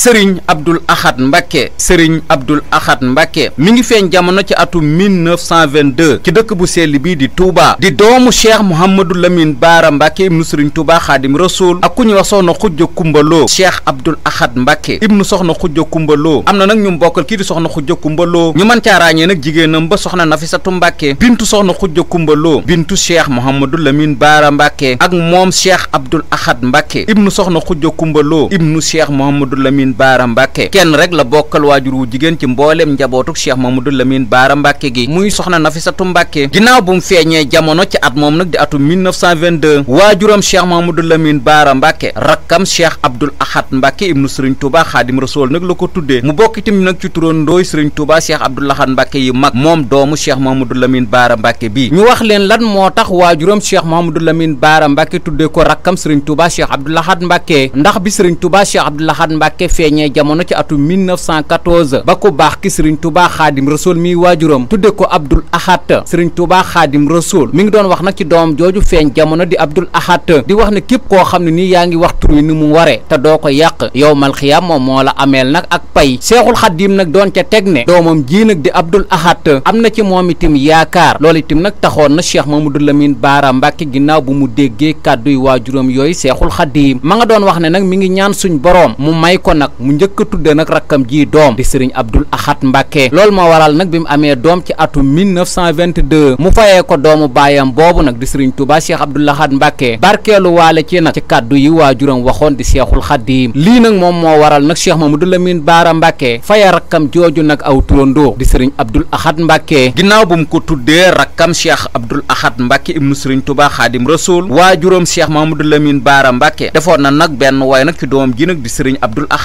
sëriñ Abdul Ahad Mbacke sëriñ Abdul Ahad Mbacke mi ngi feeñ jamono ci atum 1922 ci dëkk bu sell bii di Touba di doomu cheikh Mouhamadou Lamine Baara Mbacke ibnu sëriñ Touba xaadim rasul ak ku ñu wax soxna xujja kumbaloo cheikh Abdul Ahad Mbacke ibnu soxna xujja kumbaloo am na nag ñu mbokkal kii di soxna xujja kumbaloo ñu mën caa ràññee nag jigéenam ba soxna Nafisatu Mbacke bintu soxna xujja kumbaloo bintu cheikh Mouhamadou Lamine Baara Mbacke ak moom cheikh Abdul Ahad Mbacke ibnu soxna xujja kumbaloo ibnu cheikh Mouhamadou Lamine Lamine Baara Mbàkke kenn rek la bokkal waajur wu jigéen ci mbooleem njabootuk Cheikh Mamadou Lamine Baara Mbàkke gi muy soxna Nafisatu Mbàkke ginnaaw bu mu feeñee jamono ci at moom nag di atum 1922 waajuram Cheikh Mamadou Lamine Baara Mbàkke rakkam Cheikh Abdoul Ahad Mbàkke ibnu Sëriñ Tuuba Xaadim Rasuul nag la ko tuddee mu bokk itam nag ci turandooy Sëriñ Tuuba Cheikh Abdoul Ahad Mbàkke yi mag moom doomu Cheikh Mamadou Lamine Baara Mbàkke bi ñu wax leen lan moo tax waajuram Cheikh Mamadou Lamine Baara Mbàkke tuddee ko rakkam Sëriñ Tuuba Cheikh Abdoul Ahad Mbàkke ndax bi Sëriñ Tuuba feeñee jamono ci atum 1914 ba ku baax ki sëriñ tubaa xaadim rasool miy waajuram tudde ko abdul ahat sëriñ tubaa xaadim rasool mi ngi doon wax nag ci doom jooju feeñ jamono di abdul ahat di wax ne képp koo xam ne nii yaa ngi wax tur ni mu waree te doo ko yàq yow malxiyaam moom moo la ameel nag ak pay seexul xaddiim nag doon ca teg ne doomam jii nag di abdul ahat am na ci moom itam yaakaar loolu itam nag taxoon na cheikh ma mu déggee kàdduy waajuram yooyu seexul xaddiim ma nga doon wax ne nag mi ngi ñaan suñ nag mu njëkk a tudde nag rakkam ji doom di sëriñ Abdul Ahad Mbacke lool moo waral nag bi mu amee doom ci atum 1922 mu fayee ko doomu baayam boobu nag di sëriñ Touba Cheikh Abdul Ahad Mbacke barkeelu waale ci nag ci kaddu yi waajuram waxoon di Cheikhul Khadim lii nag moom moo waral nag Cheikh Mamadou Lamine Baara Mbacke faye rakkam jooju nag aw turandoo di sëriñ Abdul Ahad Mbacke ginnaaw bu mu ko tuddee rakkam Cheikh Abdul Ahad Mbacke ibnu sëriñ Touba Khadim Rasoul waajuram Cheikh Mamadou Lamine Baara Mbacke defoon na nag benn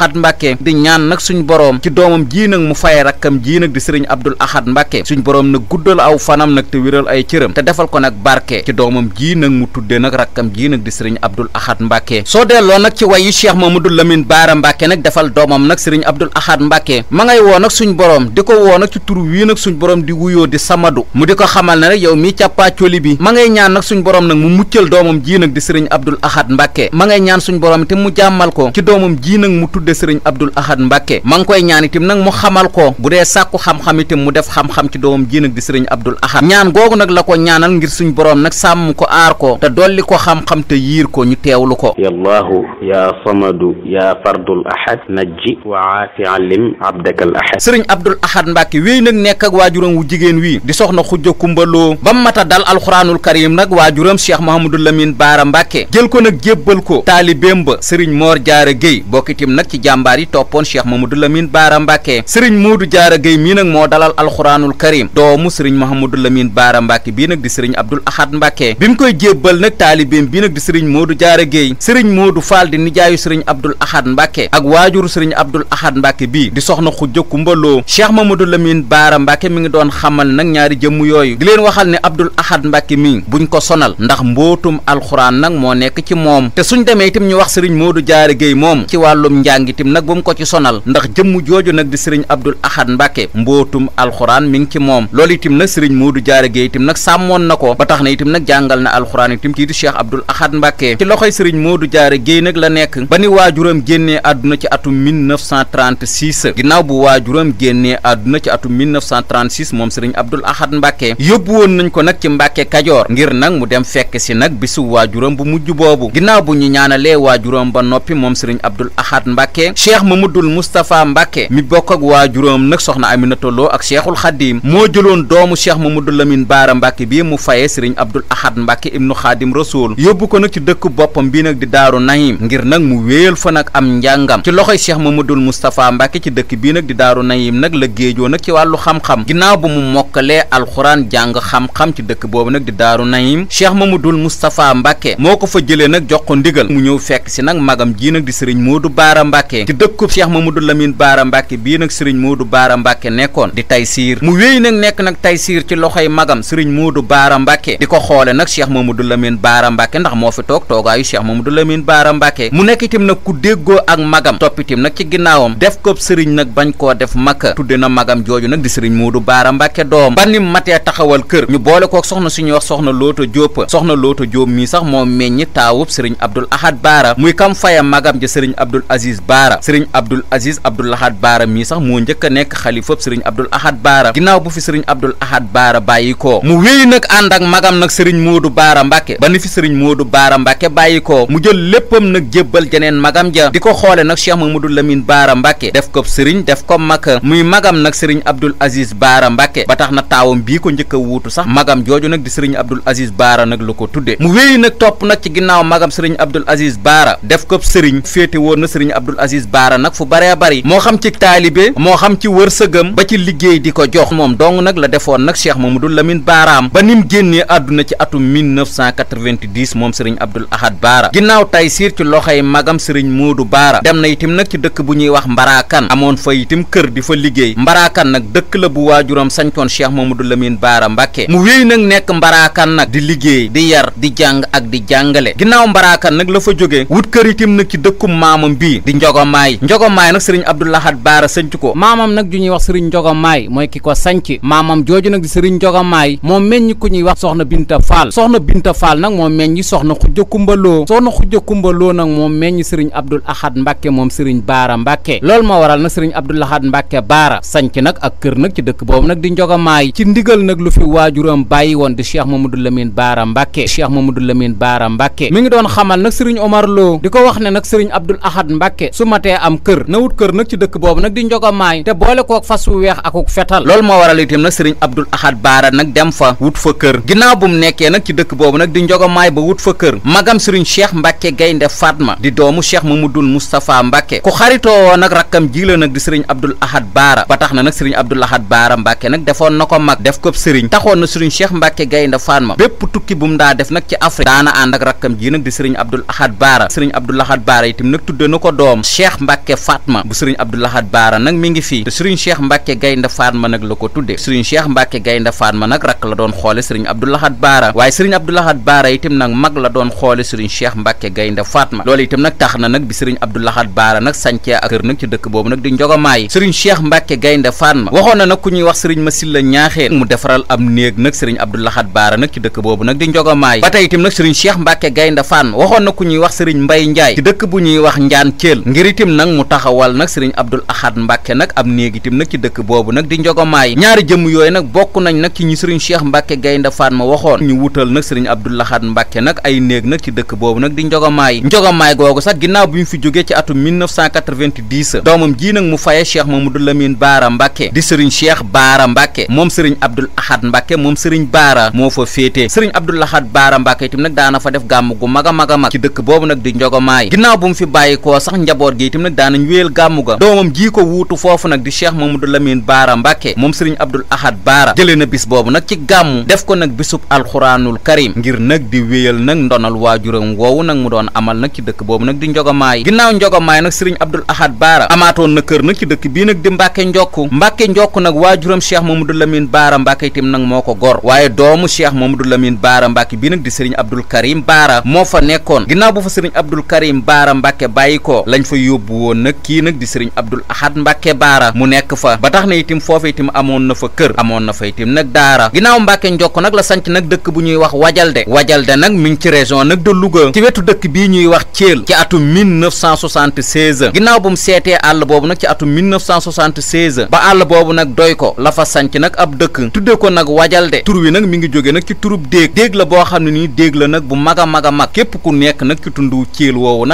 Ahad Mbacke di ñaan nag suñ boroom ci doomam jii nag mu faye rakkam jii nag di sëriñ Abdul Ahad Mbacke suñ boroom nag guddal aw fanam nag te wéral ay cëram te defal ko nag barke ci doomam jii nag mu tudde nag rakkam jii nag di sëriñ Abdul Ahad Mbacke soo delloo nag ci wayu Cheikh Mamadou Lamine Baara Mbacke nag defal doomam nag sëriñ Abdul Ahad Mbacke ma ngay woo nag suñ boroom di ko woo nag ci tur wii nag suñ boroom di wuyoo di samadu mu di ko xamal ne rek yow mii càppaacoli bi ma ngay ñaan nag suñ boroom nag mu muccal doomam jii nag di sëriñ Abdul Ahad Mbacke ma ngay ñaan suñ boroom te mu jàmmal ko ci doomam jii nag mu tudde sëriñ Abdul Ahad Mbàkke ma ngi koy ñaan itam nag mu xamal ko bu dee sàkku xam-xam itam mu def xam-xam ci doomam ji nag di sëriñ Abdul Ahad ñaan googu nag la ko ñaanal ngir suñ boroom nag sàmm ko aar ko te dolli ko xam-xam te yiir ko ñu teewlu ko ya allahu ya samadu ya fardul ahad najji wa aafi alim abdakal ahad sëriñ Abdul Ahad Mbàkke wéy nag nekk ak waajuram wu jigéen wii di soxna xujja kumbaloo ba mata dal alxuraanul karim nag waajuram cheikh mahamadou lamine baara mbàkke jël ko nag jébbal ko taalibeem ba sëriñ moor jaara géy bokkitim nag jàmbaar yi toppoon cheikh mamadou lamine baara mbàkke sëriñ moodu jaara géy mii nag moo dalal alxuraanul karim doomu sëriñ mahamadou lamine baara mbàkke bii nag di sëriñ abdul ahad mbàkke bi mu koy jébbal nag taalibeem bii nag di sëriñ moodu jaara géy sëriñ moodu faal di nijaayu sëriñ abdul ahad mbàkke ak waajuru sëriñ abdul ahad mbàkke bii di soxna xujja kumbaloo cheikh mamadou lamine baara mbàkke mi ngi doon xamal nag ñaari jëmm yooyu di leen waxal ne abdul ahad mbàkke mi buñ ko sonal ndax mbootum alxuraan nag moo nekk ci moom te suñ demee itam ñu wax sëriñ moodu jaara géy moom itam nag bu mu ko ci sonal ndax jëmm jooju nag di sëriñ Abdul Ahad Mbàkke mbootum alxuraan mi ngi ci moom loolu itam nag sëriñ Moodu Jaara Géey itam nag sàmmoon na ko ba tax na itam nag jàngal na alxuraan itam kii di Cheikh Abdul Ahad Mbàkke ci loxoy sëriñ du Jaara Géey nag la nekk ba ni waajuram génnee àdduna ci atum 1936 ginnaaw bu waajuram génnee àdduna ci atum 1936 moom sëriñ Abdul Ahad Mbàkke yóbbu woon nañ ko nag ci Mbàkke Kajoor ngir nag mu dem fekk si nag bisu waajuram bu mujj boobu ginnaaw bu ñu ñaanalee waajuram ba noppi moom sëriñ Abdul Ahad Mbacke cheikh Mamadul Moustapha Mbacke mi bokk ak waajuram nag soxna Aminata Lo ak cheikhul Xadim moo jëloon doomu cheikh Mamadul Lamine Baara Mbacke bii mu faye sëriñ Abdul Ahad Mbacke ibnu Xadim Rasul yóbbu ko nag ci dëkk boppam bii nag di Daaru Nahim ngir nag mu wéyal fa nag am njàngam ci loxoy ma cheikh Mamadul Moustapha Mbacke ci dëkk bii nag di Daaru Nahim nag la géejoo nag ci wàllu xam-xam ginnaaw ba mu mokkalee alxuraan jàng xam-xam ci dëkk boobu nag di Daaru Nahim cheikh Mamadul Moustapha Mbacke moo ko fa jëlee nag jox ko ndigal Mbacke ci dëkkub Cheikh Mamadou Lamine Baara Mbacke bii nag Serigne Modou Baara Mbacke nekkoon di Taysiir mu wéy nag nekk nag Taysiir ci loxoy magam Serigne Modou Baara Mbacke di ko xoole nag Cheikh Mamadou Lamine Baara Mbacke ndax moo fi toog toogaayu Cheikh Mamadou Lamine Baara Mbacke mu nekk nag ku déggoo ak magam toppitim nag ci ginnaawam def ko Serigne nag bañ koo def makka tudde na magam jooju nag di Serigne Modou Baara Mbacke doom ba ni matee taxawal kër ñu boole kook soxna suñuy wax soxna Looto Jóob soxna Looto Jóob mii sax moo meññi taawub Serigne Abdoul Ahad Baara muy kam faya magam ji Serigne Abdoul Aziz Baara baara sëriñ abdul aziz abdul ahad baara mii sax moo njëkk a nekk xalifab sëriñ abdul ahad baara ginnaaw bu fi sëriñ abdul ahad baara bàyyi koo mu wéy nag ànd ak magam nag sëriñ moodu baara mbàkke ba ni fi sëriñ moodu baara mbàkke bàyyi koo mu jël léppam nag jébbal jeneen magam ja di ko xoole nag cheikh mamadou lamine baara mbàkke def ko sëriñ def ko mag muy magam nag sëriñ abdul aziz baara mbàkke ba tax na taawam bii ko njëkk a wuutu sax magam jooju nag di sëriñ abdul aziz baara nag la ko tudde mu wéy nag topp nag ci ginnaaw magam sëriñ abdul aziz baara def ko sëriñ féete woon na sëriñ abdul Aziz Baara nag fu bare bari moo xam ci taalibe moo xam ci wërsëgam ba ci liggéey di ko jox moom dong nag la defoon nag Cheikh Mamadou Lamine Baaraam ba nim génnee àdduna ci atum 1990 moom sëriñ Abdul Ahad Baara ginnaaw Taysiir ci loxoy magam sëriñ Moodu Baara dem na itam nag ci dëkk bu ñuy wax Mbaraakan amoon fa itam kër di fa liggéey Mbaraakan nag dëkk la bu waajuram sañcoon Cheikh du Lamine Baara Mbàkke mu wéy nag nekk Mbaraakan nag di liggéey di yar di jàng ak di jàngale Njogomaay Njogomaay nag sëriñ Abdou Lahad Baara sanc ko maamam nag ju ñuy wax sëriñ Njogomaay mooy ki ko sanc maamam jooju nag di sëriñ Njogomaay moo meññ ku ñuy wax soxna Binta Fall soxna Binta Fall nag moo meññ soxna Xujja moo meññ sëriñ Abdou Lahad Mbacke moom sëriñ Baara Mbacke loolu moo waral nag sëriñ Abdou Lahad Mbacke Baara sanc nag ak kër nag ci dëkk boobu nag di Njogomaay ci ndigal nag lu fi waajuram bàyyi woon di Cheikh ma Lamine Baara Mbacke Cheikh Mamadou Lamine Baara Mbacke mi ngi doon xamal nag sëriñ Omar Lo di ko wax ne nag su matee am kër na wut kër nag ci dëkk boobu nag di njogomaay te boole kook fas wu weex akuk fetal loolu moo waral itam nag sëriñ Abdul Ahad Baara nag dem fa wut fa kër ginnaaw bu mu nekkee nag ci dëkk boobu nag di njogomaay ba wut fa kër magam sëriñ Cheikh Mbacke Gaynde Fatma di doomu Cheikh Mamadul Moustapha Mbacke ku xaritoo nag rakkam ji la nag di sëriñ Abdul Ahad Baara ba tax na nag sëriñ Abdul Ahad Baara Mbacke nag defoon na ko mag def ko sëriñ na sëriñ Cheikh Mbacke Gaynde Fatma bépp tukki bu mu daa def nag ci Afrique daana ànd ak rakkam Cheikh Mbacke Fatma bu Serigne Abdou Lahad Baara nag mi ngi fii te Serigne Cheikh Mbacke Gaynde Fatma nag la ko tudde Serigne Cheikh Mbacke Gaynde Fatma nag rakk la doon xoole Serigne Abdou Lahad Baara waaye Serigne Abdou Lahad Baara itam nag mag la doon xoole Serigne Cheikh Mbacke Gaynde Fatma loolu itam nag tax na nag bi Serigne Abdou Lahad Baara nag sancee ak kër nag ci dëkk boobu nag di Njogamaay Serigne Cheikh Mbacke Gaynde Fatma waxoon na nag ku ñuy wax Serigne Masilla Ñaaxeen mu defaral am néeg nag Serigne Abdou Lahad Baara nag ci dëkk boobu nag di Njogamaay ba tey itam nag Serigne Cheikh Gaynde Fatma waxoon na ku ñuy wax Serigne Mbay Njaay ci dëkk bu ñuy wax Njaan Ceel ngir ngir itim nag mu taxawal nag sëriñ Abdul Ahad Mbàkke nag ab néeg itim nag ci dëkk boobu nag di njogomaay ñaari jëmm yooyu nag bokk nañ nag ci ñi sëriñ Cheikh Mbàkke Gaynde Fatma waxoon ñu wutal nag sëriñ Abdul Ahad Mbàkke nag ay néeg nag ci dëkk boobu nag di njogomaay njogomaay googu sax ginnaaw bi ñu fi jógee ci atum 1990 doomam ji nag mu faye Cheikh Mamadou Lamine Baara Mbàkke di sëriñ Cheikh Baara Mbàkke moom sëriñ Abdul Ahad Mbàkke moom sëriñ Baara moo fa féete sëriñ Abdul Ahad Baara Mbàkke itim nag daana fa def gàmm gu mag mag a mag dëkk boobu nag di njogomaay ginnaaw koor gi itam nag daanañ wéyal gàmmu ga doomam jii ko wuutu foofu nag di cheikh mamadou lamine baara mbàkke moom sëriñ abdul ahad baara jëlee na bis boobu nag ci gàmmu def ko nag bisub alxuraanul karim ngir nag di wéyal nag ndonal waajuram woowu nag mu doon amal nag ci dëkk boobu nag di njogamaay ginnaaw njogamaay nag sëriñ abdul ahad baara amaatoon na kër nag ci dëkk bii nag di mbàkke njokku mbàkke njokku nag waajuram cheikh mamadou lamine baara mbàkke itam nag moo ko gor waaye doomu cheikh mamadou lamine baara mbàkke bii nag di sëriñ abdul karim baara moo fa nekkoon ginnaaw bu fa sëriñ abdul karim baara mbàkke bàyyi ko lañ fa yóbbu woon nag kii nag di sëriñ Abdul Ahad Mbacke Baara mu nekk fa ba tax na itam foofu itam amoon na fa kër amoon na fa itam nag daara ginnaaw Mbacke njokk nag la sanc nag dëkk bu ñuy wax Wajalde Wajalde nag mi ngi ci région nag de Louga ci wetu dëkk bii ñuy wax Thiel ci atum 1976 ginnaaw bu mu seetee àll boobu nag ci atum 1976 ba àll boobu nag doy ko la fa sanc nag ab dëkk tudde ko nag Wajalde tur nag mi ngi jóge nag ci turub déeg déeg la boo xam ne nii déeg bu mag a mag a mag ku nekk nag ci tundu Thiel woowu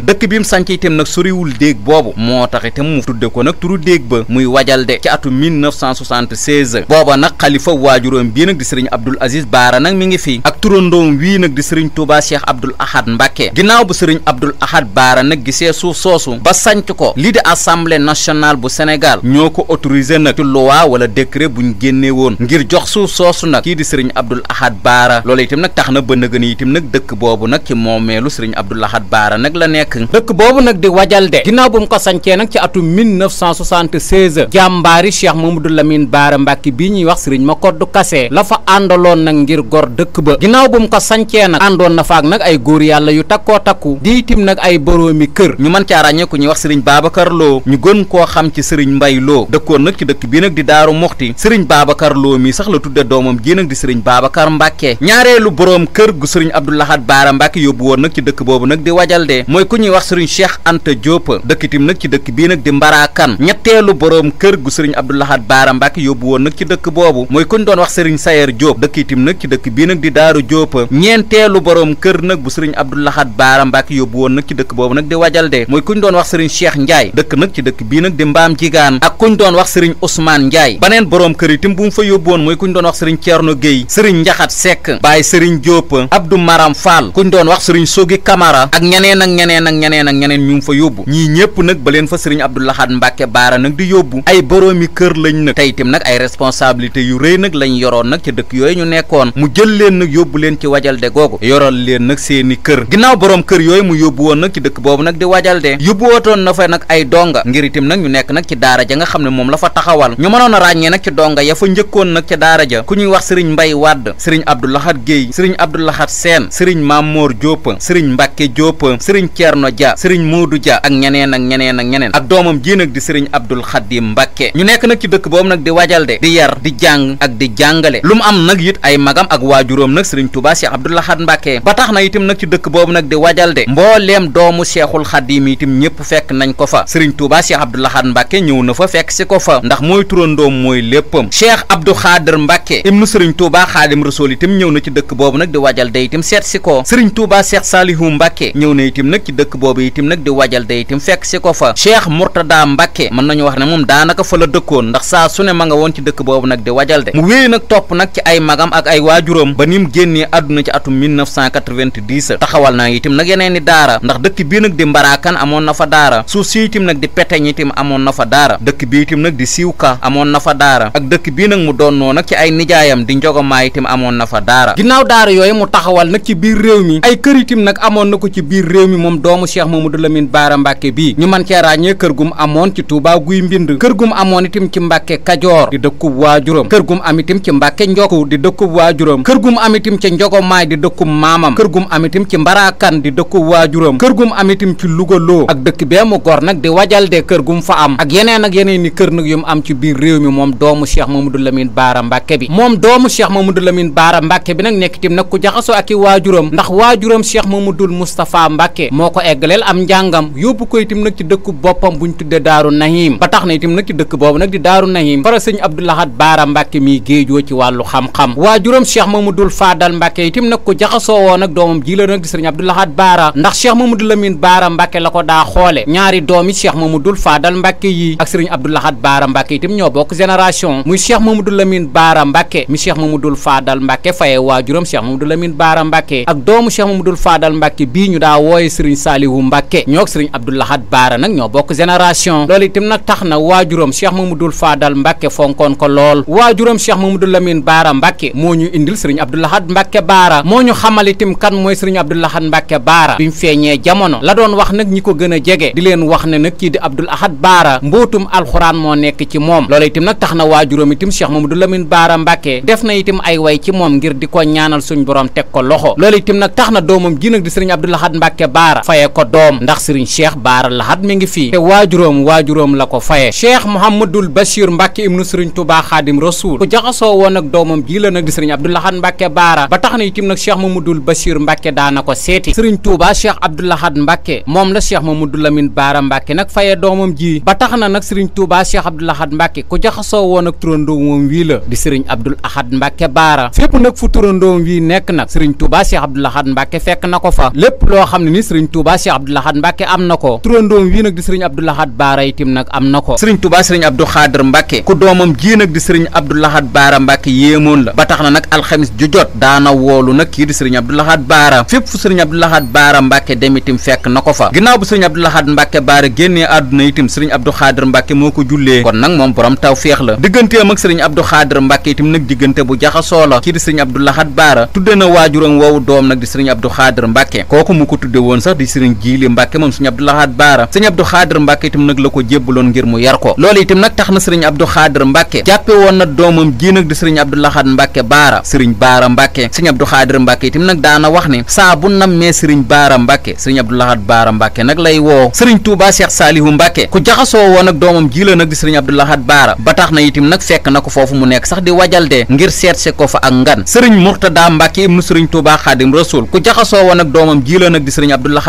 boobee dëkk bi mu sanc itam nag soriwul déeg boobu moo tax itam mu tudde ko nag turu déeg ba muy wajalde ci atu 1976 booba nag xalifa waajuróom bii nag di sëriñ Abdul Aziz Baara nag mi ngi fi ak turandoom wii nag di sëriñ Touba Cheikh Abdul Ahad Mbacke ginnaaw bu sëriñ Abdul Ahad Baara nag gisee suuf soosu ba sanc ko lii di assemblée nationale bu Sénégal ñoo ko autorisé nag ci loi wala décret buñ génnee woon ngir jox suuf soosu nag kii di sëriñ Abdul Ahad Baara loola itam tax na ba nëgën itam nag dëkk boobu nag ci moomeelu sëriñ Abdul la nekk dëkk boobu nag di wajalde ginnaaw bu mu ko sancee nag ci atum 1976 jàmbaari a mamadou lamine baara mbàkke bii ñuy wax sëriñ ma koddu kase la fa àndaloon nag ngir gor dëkk ba ginnaaw bu mu ko sancee nag àndoon na faak nag ay góor yàlla yu takkoo takku di itim nag ay boroomi kër ñu mën caa ràññee ku ñuy wax sëriñ babacar loo ñu gën koo xam ci sëriñ mbay loo dëkkoon nag ci dëkk bii nag di daaru muxti sëriñ babacar loo mi sax la tudde doomam ji nag di sëriñ babacar mbàkke ñaareelu boroom kër gu sëriñ abdoulahat baara mbàkke yóbbu woon ku wax sëriñ Cheikh Anta Diop dëkk itam nag dëkk bii nag di Mbaraakan ñetteelu boroom kër gu sëriñ Abdou Lahad Baara Mbacke yóbbu woon nag ci dëkk boobu mooy ku ñu doon wax sëriñ Sayer Diop dëkk itam nag ci dëkk bii nag di Daaru Diop ñeenteelu boroom kër nag bu sëriñ Abdou Lahad Baara Mbacke yóbbu woon nag ci dëkk boobu nag di Wajalde mooy ku doon wax sëriñ Cheikh Ndiaye dëkk nag ci dëkk bii nag di Mbaam Jigaan ak ku ñu doon wax sëriñ Ousmane Ndiaye baneen boroom kër itam bu mu fa yóbbu woon mooy ku ñu doon wax sëriñ Thierno Gueye sëriñ Njaxat Seck Baye sëriñ Diop Abdou Maram Fall ku ñu doon ak ñeneen ak ñeneen ñeneen ak ñeneen ak ñeneen ñu ngi fa yóbbu ñii ñépp nag ba leen fa sëriñ Abdou Lahad Mbacke Baara nag di yóbbu ay boroomi kër lañ nag tey itam nag ay responsabilité yu rëy nag lañ yoroon nag ci dëkk yooyu ñu nekkoon mu jël leen nag yóbbu leen ci wajalde googu yoral leen nag seeni kër ginnaaw borom kër yooyu mu yóbbu woon nag ci dëkk boobu nag di wajalde yóbbu wootoon na fa nag ay donga ngir itam nag ñu nekk nag ci daara ja nga xam ne moom la fa taxawal ñu mënoon a ràññee nag ci donga ya fa njëkkoon nag ci daara ja ku ñuy wax sëriñ Mbay Wàdd sëriñ Abdou Lahad Guèye sëriñ Abdou Lahad Sène sëriñ Mamour Diop sëriñ Mbacke Diop sëriñ Thierno Dia sëriñ Modou Dia ak ñeneen ak ñeneen ak ñeneen ak doomam ji nag di sëriñ Abdul Xadim Mbàkke ñu nekk nag ci dëkk boobu nag di waajal de di yar di jàng ak di jàngale lu mu am nag it ay magam ak waajuróom nag sëriñ Touba Cheikh Abdou Lahad Mbàkke ba tax na itam nag ci dëkk boobu nag di waajal de mbooleem doomu Cheikhul Xadim itam ñëpp fekk nañ ko fa sëriñ Touba Cheikh Abdou Lahad Mbàkke ñëw na fa fekk si ko fa ndax mooy turandoom mooy léppam Cheikh Abdou Xaadir Mbàkke ibnu sëriñ Touba Xaadim Rasul itam ñëw na ci dëkk boobu nag di waajal de itam seet na itam nag ci dëkk boobu itim nag di waajal day itim fekk moom daanaka fa la dëkkoon ndax saa su ne ma nga woon ci dëkk boobu nag di waajal de mu wéy nag topp nag ci ay magam ak ay waajuram ba ni mu génnee àdduna ci atum na itim nag yeneen i daara ndax dëkk bii nag di mbaraakan amoon na fa daara suuf si itim nag di peteñ itim amoon na fa daara dëkk bi itim nag di siiwka amoon na fa daara ak dëkk bii nag mu doonnoo nag ay nijaayam di njogomaa itim amoon na fa daara ginnaaw daara yooyu mu taxawal nag ci biir réew mi ay kër itim nag amoon na ko ci biir réew mi moom doomu Cheikh Mamadou Lamine Baara Mbàkke bii ñu man cee ràññee kër gum amoon ci Touba guy mbind kër gum amoon itam ci Mbàkke Kajoor di dëkkub waajuram kër gum am ci Mbàkke Njokku di dëkkub waajuram kër gum am itam ci Njogomaay di dëkkub maamam kër gum am itam ci Mbaraakan di dëkkub waajuram kër gum am ci Lugaloo ak dëkk bee mu gor nag di wajal de kër gum fa am ak yeneen ak yeneen ni kër nag yu mu am ci biir réew mi moom doomu Cheikh Mamadou Lamine Baara Mbàkke bi moom doomu Cheikh Mamadou Lamine Baara Mbàkke bi nag nekk itam nag ak ko eggaleel am njàngam yóbbu ko itam nag ci dëkku boppam bu ñu tuddee daaru nahim ba tax na itam nag ci dëkk boobu nag di daaru nahim fara sëñ abdoulahat baara mbàkke miy géejoo ci wàllu xam-xam waajuram cheikh mamadul faadal mbàkke itam nag ko jaxasoo woon ak doomam ji la nag di sëriñ abdoulahat baara ndax cheikh mamadou lamin baara mbàkke la ko daa xoole ñaari doomi cheikh mamadul faadal mbàkke yi ak sëriñ abdoulahat baara mbàkke itam ñoo bokk génération muy cheikh mamadou lamin baara mbàkke mi cheikh mamadul faadal mbàkke faye waajuram cheikh mamadou lamin baara mbàkke ak doomu cheikh mamadul faadal mbàkke bii Saaliwu Mbàkke ñoog sëriñ Abdou Lahad Baara nag ñoo bokk génération loolu itam nag tax na waajuram Cheikh Mamadou Fadal Mbàkke fonkoon ko lool waajuram Cheikh Mamadou Lamine Baara Mbàkke moo ñu indil sëriñ Abdou Lahad Mbàkke Baara moo ñu xamal itam kan mooy sëriñ Abdou Lahad Mbàkke Baara bi mu feeñee jamono la doon wax nag ñi ko gën a jege di leen wax ne nag kii di Abdou Lahad Baara mbootum alxuraan moo nekk ci moom loolu itam nag tax na waajuram itam Cheikh Mamadou Lamine Baara Mbàkke def na itam ay way ci moom ngir di ko ñaanal suñ borom teg ko loxo loolu itam nag tax faye ko doom ndax sëriñ cheikh baara laxat mi ngi fii te waajuróom waajuróom la ko faye cheikh mouhamadul bachir mbàkke ibnu sëriñ tubaa xaadim rasul ku jaxasoo woon ak doomam jii la nag di sëriñ abdou lahat mbàkke baara ba tax na itim nag cheikh mouhamadul bachir mbàkke daana ko seeti sëriñ tuubaa cheikh abdou lahat mbàkke moom la cheikh mamadou lamine baara mbàkke nag faye doomam ji ba tax na nag sëriñ tuubaa cheikh abdou lahat mbàkke ku jaxasoo woon ak turandoo moom wii la di sëriñ abdul nekk nag sëriñ tuubaa cheikh Touba Cheikh Abdou Lahad Mbacke am na ko turandoom wii nag di sëriñ Abdou Baara itam nag am na ko sëriñ Touba sëriñ Abdou Khader Mbacke ku doomam ji nag di sëriñ Abdou Baara Mbacke yéemoon la ba tax na nag alxamis ju jot daana woolu nag kii di sëriñ Abdou Lahad Baara fépp fu sëriñ Abdou Lahad Baara Mbacke dem itam fekk na ko fa ginnaaw bu sëriñ Abdou Lahad Mbacke Baara génnee àdduna itam sëriñ Abdou Khader Mbacke moo ko jullee kon nag moom borom tawféex la digganteem ak sëriñ Abdou Khader Mbacke itam nag diggante bu jaxasoo la kii di sëriñ Abdou Lahad Baara sëriñ Jiili Mbàkke moom sëriñ Abdou Lahad Baara sëriñ Abdou Xaadir Mbàkke itam nag la ko jébbaloon ngir mu yar ko loolu itam nag na sëriñ Abdou Xaadir Mbàkke jàppe woon na doomam ji nag di sëriñ Abdou Lahad Mbàkke Baara sëriñ Baara Mbàkke sëriñ Abdou Xaadir Mbàkke itam nag daana wax ne saa bu nammee sëriñ Baara lay woo sëriñ Tuubaa Seex Saalihu Mbàkke ku jaxasoo woon ak doomam ji la nag di sëriñ Abdou Lahad Baara ba tax na itam nag fekk na ko foofu mu nekk sax di wajal de ngir seetse ko fa ak ngan sëriñ Murtada Mbàkke ibnu sëriñ Tuubaa Xaadim Rasuul ku jaxasoo woon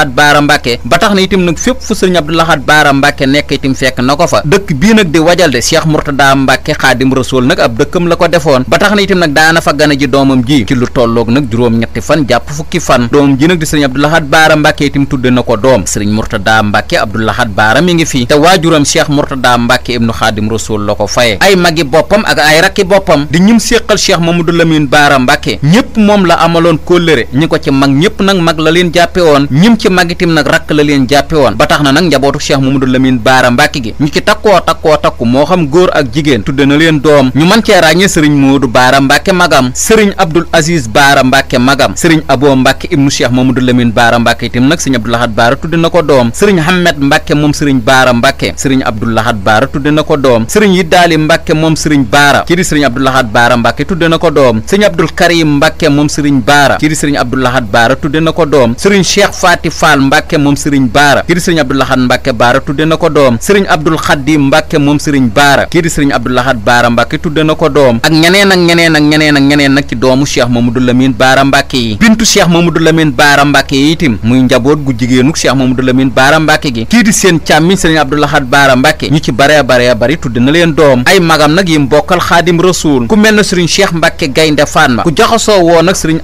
Lahad Baara Mbàkke ba na itam nag fépp fu sëriñ Abdou Lahad Baara Mbàkke nekk itam fekk na ko fa dëkk bii nag di wajal de Cheikh Mbàkke Xaadim Rasuul nag ab dëkkam la ko defoon ba tax na itam nag daana fa gane ji doomam ji ci lu tolloog nag juróom-ñetti fan jàpp fukki fan doomam ji nag di sëriñ Abdou Lahad Baara Mbàkke itam tudde na ko doom sëriñ Mourtada Mbàkke Abdou Lahad Baara mi ngi fi te waajuram Cheikh Mourtada Mbàkke ibnu Xaadim Rasuul la ko faye ay magi boppam ak ay rakki boppam di ñim séqal Cheikh Mamadou Lamine Baara Mbàkke ñëpp moom la amaloon kóllëre ñi ko ci mag ñëpp nag mag la leen màggitim nag rakk la leen jàppe woon ba tax na nag njabootu cheikh mamadou lamine baara mbàkke gi ñu ci takkoo takkoo takku moo xam góor ak jigéen tudde na leen doom ñu mën cee ràññee sëriñ moodu baara mbàkke magam sëriñ abdul aziz baara mbàkke magam sëriñ abo mbàkke ibnu cheikh mamadou lamine baara ko doom sëriñ moom sëriñ baara mbàkke sëriñ abdoulahat baara tudde na ko doom sëriñ yiddaali mbàkke moom sëriñ baara ci di sëriñ abdoulahat baara mbàkke tudde na ko doom sëriñ abdul karim mbàkke moom sëriñ baara ci di sëriñ abdoulahat baara tudde na ko doom sëriñ cheikh fati Fall Mbacke moom sëriñ Baara kii di sëriñ Abdou Lahad Mbacke Baara tudde na ko doom sëriñ Abdul Xaadim Mbacke moom sëriñ Baara kii di sëriñ Abdou Lahad Baara Mbacke tudde na ko doom ak ñeneen ak ñeneen ak ñeneen ak ci doomu Cheikh Mamadou Lamine yi bintu Cheikh Mamadou Lamine yi itam muy njaboot gu jigéenuk Cheikh Mamadou Lamine gi kii di seen càmmiñ sëriñ Abdou Lahad ñu ci bare bare bari tudd na leen doom ay magam nag yim bokkal Xaadim Rasuul ku mel na sëriñ Cheikh Mbacke Gaynde Fatma ku jaxasoo woon nag sëriñ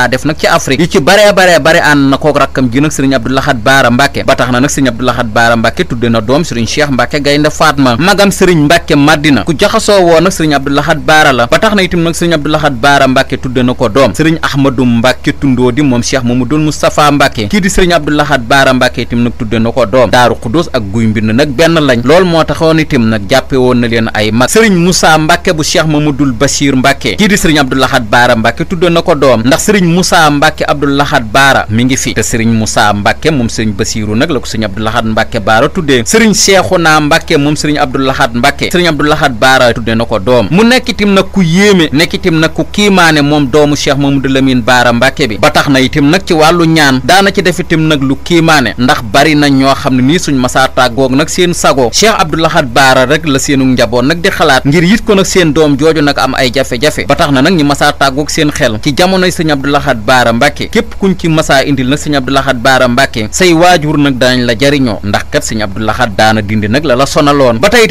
daa def nag ci Afrique yu ci baree baree bare ànd na kook rakkam ji nag sëriñ Abdou Baara Mbacke ba tax na nag sëriñ Abdou Lahad Baara Mbacke tudde na doom sëriñ Cheikh Mbacke Gaynde Fatma magam sëriñ Mbacke Madina ku jaxasoo woon nag sëriñ Abdou Baara la ba tax na itam nag sëriñ Abdou Lahad Baara Mbacke tudde na ko doom sëriñ Ahmadou Mbacke tundoo di moom Cheikh Mamadou Moustapha Mbacke kii di sëriñ Abdou Lahad Baara Mbacke itam nag tudde na ko doom Daaru Xudóos ak Guy Mbind nag benn lañ loolu moo taxoon itam nag jàppe woon na leen ay mag sëriñ Moussa Mbacke bu Cheikh Mamadou Bachir Mbacke kii di sëriñ Abdou Lahad Baara Mbacke tudde na ko doom Serigne Moussa Mbacke Abdou Lahad Baara mi ngi fi te Serigne Moussa Mbacke moom Serigne Bassirou nag la ko Serigne Abdou Lahad Mbacke Baara tuddee Serigne Cheikhouna Mbacke moom Serigne Abdou Lahad Mbacke Serigne Abdou Lahad Baara tuddee na ko doom mu nekkitim nag ku yéeme nekkitim na ku kiimaane moom doomu Cheikh Mamadou Lamine Baara Mbacke bi ba tax na itim nag ci wàllu ñaan daana ci defitim nag lu kiimaane ndax bari nañ ñoo xam ne nii suñ masaa tàggoog nag seen sago Cheikh Abdou Lahad Baara rek la seenu njaboot nag di xalaat ngir yit ko nag seen doom jooju nag am ay jafe-jafe ba tax na nag ñi masaa tàggoog seen xel ci jamonoy Serigne Abdou Abdoulahat Baara Mbàkke képp kuñ ci masaa indil nag sëñ Abdoulahat Baara Mbàkke say waajur la jariñoo ndax kat sëñ Abdoulahat daana dindi la la ba tey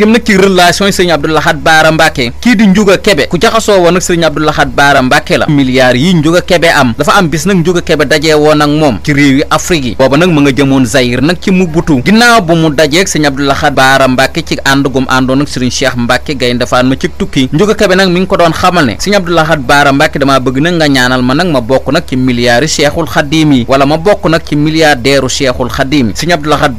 Baara Mbàkke di Njuga Kebe ku jaxasoo woon nag sëñ Abdoulahat Baara la milliards yi Njuga Kebe am dafa am bis nag Njuga Kebe dajee woon ak moom ci réew yi Afrique yi booba nag mu nga jëmoon Zaïre nag ci Mobutu ginnaaw bu mu dajeeg sëñ Abdoulahat Baara Mbàkke ci ànd gum àndoon ak Sëriñ Cheikh Mbàkke Gaynde Fatma ci tukki Njuga Kebe nag mi Baara Mbàkke damaa bëgg nag nga ñaanal ma nag ma bokk nag ci milliards yi seexul xaddiim yi wala ma bokk nag ci milliardaireu seexul nag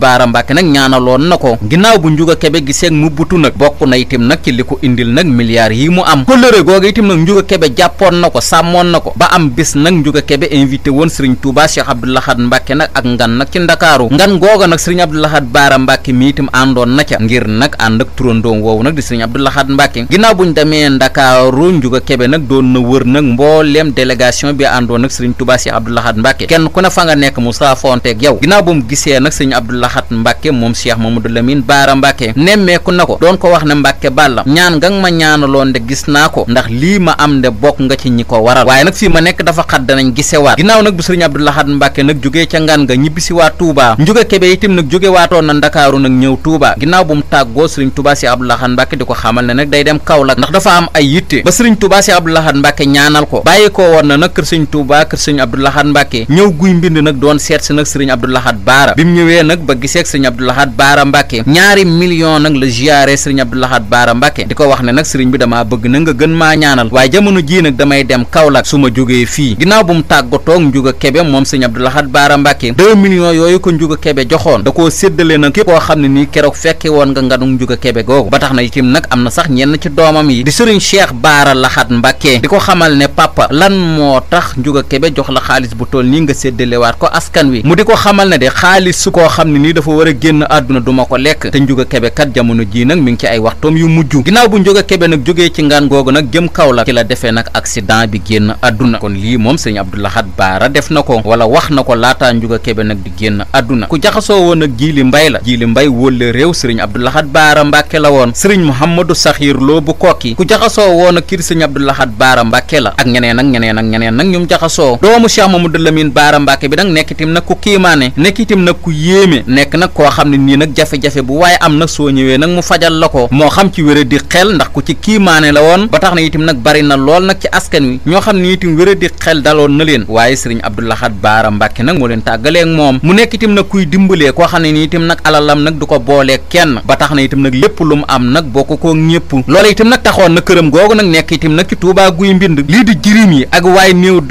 na ko ginnaaw bu Njuga Kebe giseeg mu butu nag bokk na itam nag ci li indil nag milliards yi mu am kóllëre googu itam nag Njuga Kebe jàppoon na ko sàmmoon na ko ba am bis nag Njuga Kebe invité woon Sëriñ Tuubaa Cheikh Abdou Lahad Mbàkke nag ak ngan nag ci Ndakaaru ngan googa nag Sëriñ Abdou Lahad Baara Mbàkke mi itam àndoon na ca ngir nag ànd ak turandoom woowu nag di Ndakaaru Njuga Kebe nag doon na wër nag mbooleem àndoon nag sëriñ Touba Cheikh Abdou ba mu gisee nag sëriñ Abdou Lahad na ko doon ma ñaanaloon de gis naa ko ndax lii ma am de bokk nga ci ñi ko waral waaye nag fii ma nekk dafa xat danañ gisewaat ginnaaw nag bu sëriñ Abdou Lahad Mbacke nag jógee ca ngan nga ñibbisi waa Touba njuga kebe itam nag jóge waatoon na Ndakaaru nag ñëw Touba ginnaaw bu mu tàggoo sëriñ Touba Cheikh Abdou Lahad Mbacke di ko xamal ne nag day dem Kaolack ndax dafa am ay yitte ba sëriñ Touba Cheikh Abdou Lahad ñaanal ko bàyyi ko woon na nag kër sëriñ Touba kër sëriñ Abdou Lahad Mbacke ñëw guy mbind nag doon seet si nag sëriñ Abdou Lahad Baara bi mu ñëwee nag ba gisee ak sëriñ Abdou Lahad Baara Mbacke ñaari million nag la ziyaare sëriñ Abdou Lahad Baara Mbacke di ko wax ne nag sëriñ bi damaa bëgg na nga gën maa ñaanal waaye jamono jii nag damay dem Kaolack su ma jógee fii ginnaaw bu mu toog Njuga Kebe moom sëriñ Abdou Lahad Baara Mbacke deux millions yooyu ko Njuga Kebe joxoon da koo séddale nag képp koo xam ni nii keroog fekke woon nga nganu Njuga Kebe googu ba tax na itim nag am na sax ñenn ci doomam yi di sëriñ Cheikh Baara Lahad Mbacke di ko xamal ne papa lan moo Ndiouga Kébé jox la xaalis bu toll nii nga séddalewaat ko askan wi mu di ko xamal ne de xaalis su koo xam ne nii dafa war a génn àdduna duma ko lekk te Ndiouga Kébé kat jamono jii nag mi ngi ci ay waxtoom yu mujj ginnaaw bu a Kébé nag jógee ci ngaan googu nag jëm kaw la ci la defee nag accident bi génn àdduna kon lii moom sëñ Abdou Lahad Baara def na ko wala wax na ko laataa Ndiouga Kébé nag di génn àdduna ku jaxasoo woon a Jili Mbay la Jili Mbay wólle réew sëriñ Abdou Lahad Baara Mbàkke la woon sëriñ Mouhamadou Saxiir Lo bu kokki ku jaxasoo woon ak kii sëriñ Abdou Lahad Baara la ak ñeneen ak ñeneen ak ñeneen nag jaxasoo doomu Cheikh Mamadou Lamine Baara Mbacke bi nag nekk itam nag ku kiimaane nekk itam nag ku yéeme nekk nag koo xam ne nii nag jafe-jafe bu waaye am nag soo ñëwee nag mu fajal la ko moo xam ci wéra di xel ndax ku ci kiimaane la woon ba tax na itam nag bari na lool nag ci askan wi ñoo xam ne itam wéra di xel daloon na leen waaye sëriñ Abdou Lahad Baara Mbacke nag moo leen tàggalee ak moom mu nekk itam nag kuy dimbalee koo xam ne nii itam nag alalam nag du ko boolee kenn ba tax na itam nag lépp lu am nag bokk ko ñëpp loola itam nag taxoon na këram googu nag nekk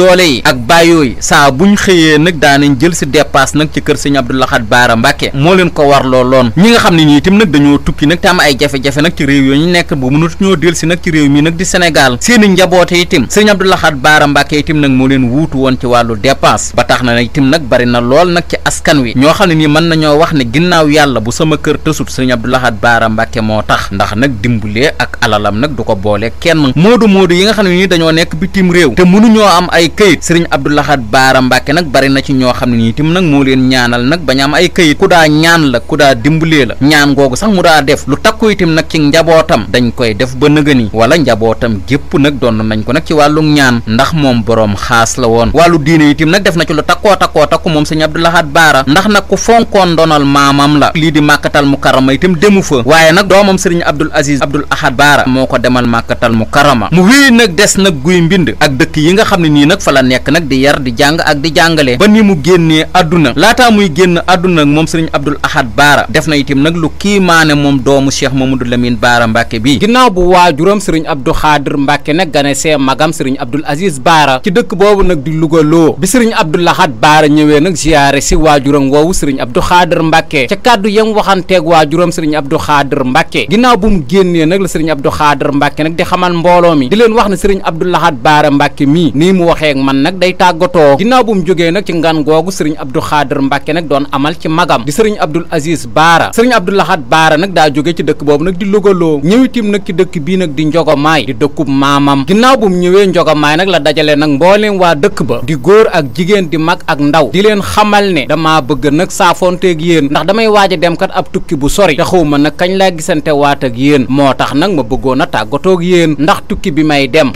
doole yi ak bàyyooyi saa bu ñu xëyee nag daanañ jël si dépasse nag ci kër sëñ Abdou Baara Mbàkke moo leen ko war looloon ñi nga xam ne nii itam nag dañoo tukki nag te am ay jafe-jafe nag ci réew yooyu ñu nekk bu mënatu ñoo dellu si nag ci réew mi nag di Sénégal seen i njaboote itam sëñ Abdou Lahad Baara Mbàkke itam nag moo leen wuutu woon ci wàllu dépasse ba tax na nag itam nag bari na lool nag ci askan wi ñoo xam ne nii mën nañoo wax ne ginnaaw yàlla bu sama kër tësut sëñ Abdou Baara Mbàkke moo tax ndax nag dimbulee ak alalam nag du ko boole kenn moodu moodu yi nga xam ne dañoo nekk bitim réew këyit sëriñ Abdou Lahad Baara Mbàkke nag bari na ci ñoo xam ne nii tim nag moo leen ñaanal nag bañ am ay këyit ku daa ñaan la ku daa dimbalee la ñaan googu sax mu daa def lu takku itam nag ci njabootam dañ koy def ba nëgëni wala njabootam gépp nag doon nañ ko nag ci wàllu ñaan ndax moom boroom xaas la woon wàllu diine itam nag def na ci lu takkoo takkoo takku moom sëriñ Abdou Lahad Baara ndax na ku fonkoon donal maamam la lii di màkkatal mu karama itam demu waaye nag doomam sëriñ Abdul Aziz Abdul Ahad Baara moo ko demal màkkatal mu mu wii nag dëkk yi fa la nekk nag di yar di jàng ak di jàngale ba ni mu génnee àdduna laataa muy génn àdduna moom sëriñ Abdul Ahad Baara def na itam nag lu kiimaane moom doomu Cheikh Mamadou Lamine Baara Mbacke bi ginnaaw bu waajuram sëriñ Abdou Xaadir Mbacke nag gane see magam sëriñ Abdul Aziz Baara ci dëkk boobu nag di Louga loo bi sëriñ Abdul Ahad Baara ñëwee nag ziyaare si waajuram woowu sëriñ Abdou Xaadir Mbacke ca kàddu yam waxanteeg waajuram sëriñ Abdou Xaadir Mbacke ginnaaw bu mu génnee nag la sëriñ Abdou Xaadir Mbacke nag di xamal mbooloo mi di leen wax ne sëriñ Abdul Ahad Baara Mbacke mii nii pareek man nag day tàggatoo ginnaaw bu mu jógee nag ci ngan googu sëriñ Abdou Khader Mbacke nag doon amal ci magam di sëriñ Abdoul Aziz Baara sëriñ Abdou Lahad Baara nag daa jóge ci dëkk boobu nag di lugaloo ñëwitim nag ci dëkk bii nag di njogomaay di dëkkub maamam ginnaaw bu mu ñëwee njogomaay nag la dajale nag mbooleem waa dëkk ba di góor ak jigéen di mag ak ndaw di leen xamal ne damaa bëgg nag saafonteeg yéen ndax damay waaja demkat ab tukki bu sori te xaw ma nag kañ laa gisante waat yéen moo tax nag ma bëggoon a tàggatoog yéen ndax tukki bi may dem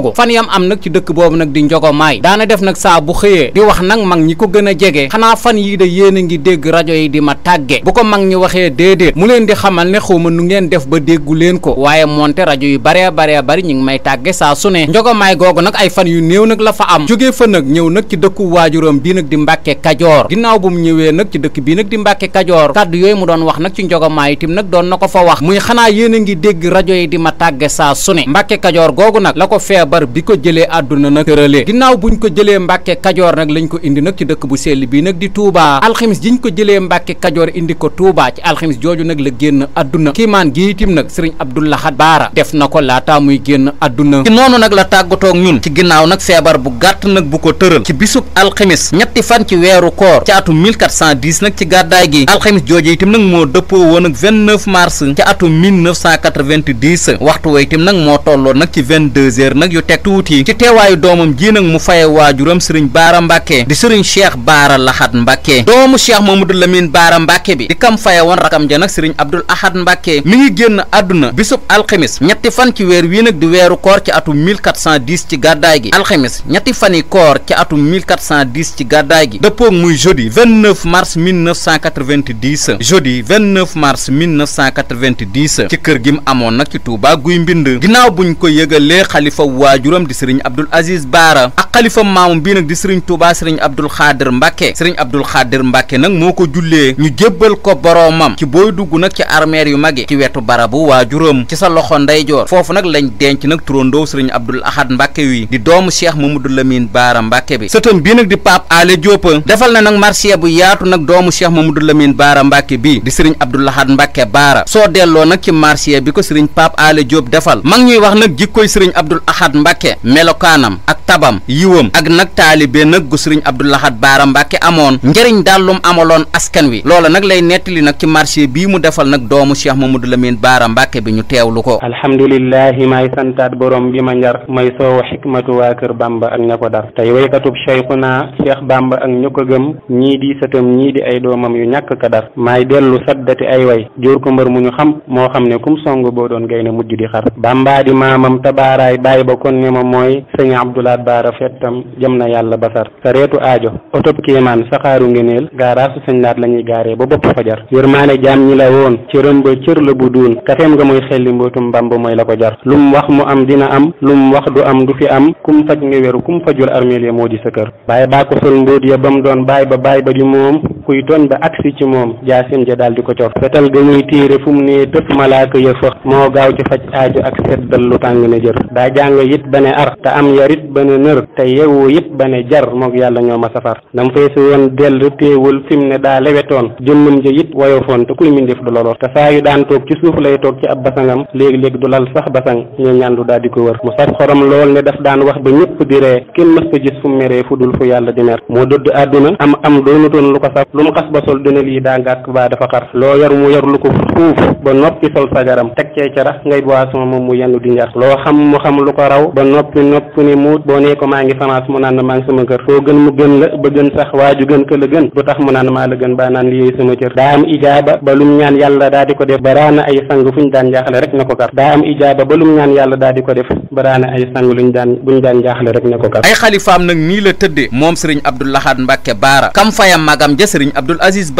googu fan yam am nag ci dëkk boobu nag di njogomaay daana def nag saa bu xëyee di wax nag mag ñi ko gën a jege xanaa fan yii de yéen a ngi dégg rajo yi di ma tàgge bu ko mag ñi waxee déedéet mu leen di xamal ne xawma nu ngeen def ba déggu leen ko waaye moonte rajo yu baree baree bari ñu ngi may tàgge saa su ne njogomaay googu nag ay fan yu néew nag la fa am jógee fa nag ñëw nag ci dëkku waajuram bii nag di mbàkke kajoor ginnaaw bu mu ñëwee nag ci dëkk bii nag di mbàkke kajoor kàddu yooyu mu doon wax nag ci njogomaay itam nag doon na ko fa wax muy xanaa yéen a dégg rajo yi di ma tàgge saa su ne mbàkke kajoor googu nag la ko fee feebar bi ko jëlee àdduna nag tëralee ginnaaw buñ ko jëlee mbàkke kajoor nag lañ ko indi nag ci dëkk bu sell bii nag di Touba alxamis jiñ ko jëlee mbàkke kajoor indi ko Touba ci alxamis jooju nag la génn àdduna kiimaan gi itim nag sëriñ Abdou Baara def na ko laataa muy génn àdduna ci noonu nag la tàggatoog ñun ci ginnaaw nag feebar bu gàtt nag bu ko tëral ci bisub alxamis ñetti fan ci weeru koor ci atum 1410 nag ci gàddaay gi alxamis jooju itam at yu teg tuuti ci teewaayu doomam ji nag mu faye waajuram sëriñ baara mbàkke di sëriñ cheikh baara laxat mbàkke doomu cheikh mamadou lamine baara mbàkke bi di kam faye woon rakam ja nag sëriñ abdul ahad mbàkke mi ngi génn àdduna bisub alxemis ñetti fan ci weer wii nag di weeru koor ci atum 1410 ci gàddaay gi alxemis ñetti fani koor ci atum 1410 ci gàddaay gi dëppoog muy jeudi 29 mars 1990 jeudi 29 mars 1990 ci kër gi mu amoon nag ci Touba guy mbind ginnaaw buñ ko yëgalee xalifa waajuram di sëriñ Abdul Aziz Baara ak xalifam maamam bii nag di sëriñ Touba sëriñ Abdul Xaadir Mbàkke sëriñ Abdul Xaadir Mbàkke nag moo ko jullee ñu jébbal ko boroomam ci booy dugg nag ci armeer yu magi ci wetu barabu waajuram ci sa loxo joor foofu nag lañ denc nag turandoo sëriñ Abdul Ahad Mbàkke wi di doomu seex Cheikh Mamadou Lamine Baara Mbàkke bi sëtam bii nag di Pape Ale Diop defal na nag marché bu yaatu nag doomu Cheikh Mamadou Lamine Baara Mbàkke bi di sëriñ Abdul Ahad Mbàkke Baara soo delloo nag ci marché bi ko sëriñ Pape Ale Diop defal mag Abdoulahat Mbacke melokaanam ak tabam yiwam ak nag taalibe nag gu sëriñ Abdoulahat Baara Mbacke amoon njëriñ daal amaloon askan wi loola nag lay nettali nag ci marché bii mu defal nag doomu Cheikh Mamadou Lamine Baara Mbacke bi ñu teewlu ko alhamdulilahi may santaat borom bi ma njar may soow xikmatu waa kër Bamba ak ña ko dar tey waykatub naa Cheikh Bamba ak ñu ko gëm ñii di sëtam ñii di ay doomam yu ñàkk ka dar maay dellu saddati ay way jóor ko mbër mu ñu xam moo xam ne kum song boo doon gay ne mujj kon ni ma mooy sëñ abdulaat baara fettam jëm na yàlla basar sa reetu aajo otob kéemaan saxaaru ngeneel gaaraasu sëñ laat la ñuy gaaree ba bopp fajar yërmaane jaam ñi la woon cëram ba cër la bu duun kafeem nga mooy xelli mbootum mbamba mooy la ko jar lu mu wax mu am dina am lu mu wax du am du fi am kum faj nga wéru kum fajul armeel ya moo di sa kër bàyyi baa ko sol mbóot ya ba mu doon bàyyi ba bàyyi ba di moom kuy tooñ ba agsi ci moom jaasim ja daal di ko cof fetal ga muy téere fu mu nee tëf malaaka ya fëx moo gaaw ci faj ak seddal lu tàng ne it ba ne ar te am yarit ba ne nër te yewu it ba ne jar moog yàlla ñoo a safar dam feesu woon dellu téewul fi mu ne daa lewetoon jëmmam ja it woyofoon te kuy mindéef du lolool te saa yu daan toog ci suuf lay toog ci ab basangam léegi-léegi du lal sax basang ñu ñaan daal di ko wër mu saf xorom lool ne daf daan wax ba ñëpp di ree kenn mës ta fu meree fu dul fu yàlla di mer moo dëdd àdduna am am doonutoon lu ko saf lu mu xas ba sol dina lii daa ngàkk baa naaw ba noppi nopp ni muut boo nee maa ngi France mu naan maa ngi sama kër foo gën mu gën la ba gën sax waaju gën ka la gën du tax mu naan maa la gën ba naan liyéey sama cër daa am ijaaba ba ñaan yàlla daa ko def ba ay sang fu ñu daan jaaxle rek na ko kar daa am ijaaba ba ñaan yàlla daa ko def ba ay sang luñ daan buñ daan jaaxle rek na ko kar ay xalifaam nag nii la tëddee moom sëriñ Abdou Lahad Mbacke Baara kam fayam magam ja sëriñ Abdoul Aziz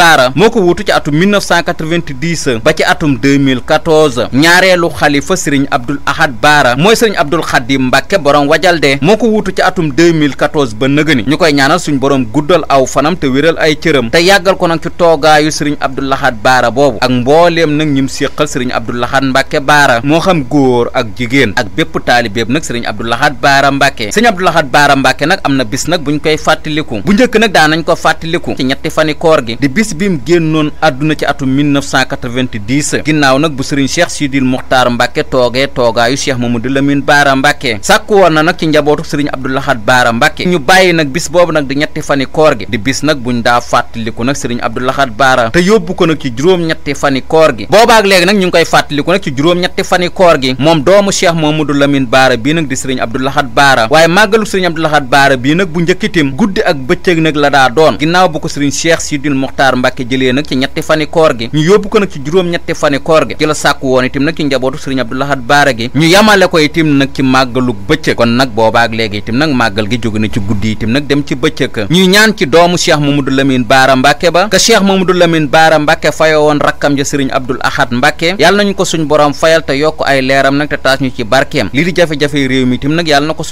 xaddi mbàkke borom wajalde moo ko wuutu ci atum ba nëgëni ñu koy ñaanal suñ borom guddal aw fanam te wéral ay cëram te yàggal ko nag ci toogaayu sëriñ Abdou Lahad Baara boobu ak mbooleem nag ñim séqal sëriñ Abdou Lahad Mbàkke Baara moo xam góor ak jigéen ak bépp taalibeeb nag sëriñ Abdou Lahad Baara Mbàkke sëriñ Abdou Lahad Baara Mbàkke nag am na bis nag buñ koy fàttaliku bu njëkk nag daa ko fàttaliku ci ñetti fani koor gi di bis bi mu génnoon àdduna ci atum 1990 ginnaaw nag bu sëriñ Cheikh Sidil Muxtaar Mbàkke toogee toogaayu Mbàkke sàkku woon na nag ci njabootu sëriñ Abdou Lahad Baara Mbàkke ñu bàyyi nag bis boobu nag di ñetti fani koor gi di bis nag buñ daa fàttaliku nag sëriñ Abdou Lahad Baara te yóbbu ko nag ñu ngi fàttaliku nag sëriñ Abdou Baara bu njëkkitim guddi ak bëccëg daa doon ginnaaw bu ko sëriñ Cheikh Sidil Mokhtar Mbàkke jëlee nag ci ñetti koor gi ñu yóbbu ko nag ci juróom-ñetti fani koor gi ci la sàkku woon itim nag ci njabootu sëriñ Abdou Lahad Baara màggalug bëccëg kon nag boobaak léegi itam nag màggal gi jóge na ci guddi itam nag dem ci bëccëg ñuy ñaan ci doomu cheikh mamadou lamine baara mbàkke ba ka cheikh mamadou lamine baara mbàkke fayoo woon rakkam ja sëriñ abdul ahad mbàkke yàlla nañu ko suñ borom fayal te yokk ay leeram nag te taas ñu ci barkeem lii di jafe-jafe réew mi itam nag yàlla na ko